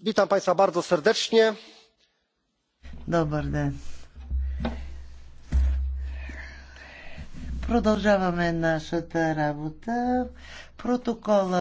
witam państwa bardzo serdecznie. Добър ден. Продължаваме нашата работа. Протокола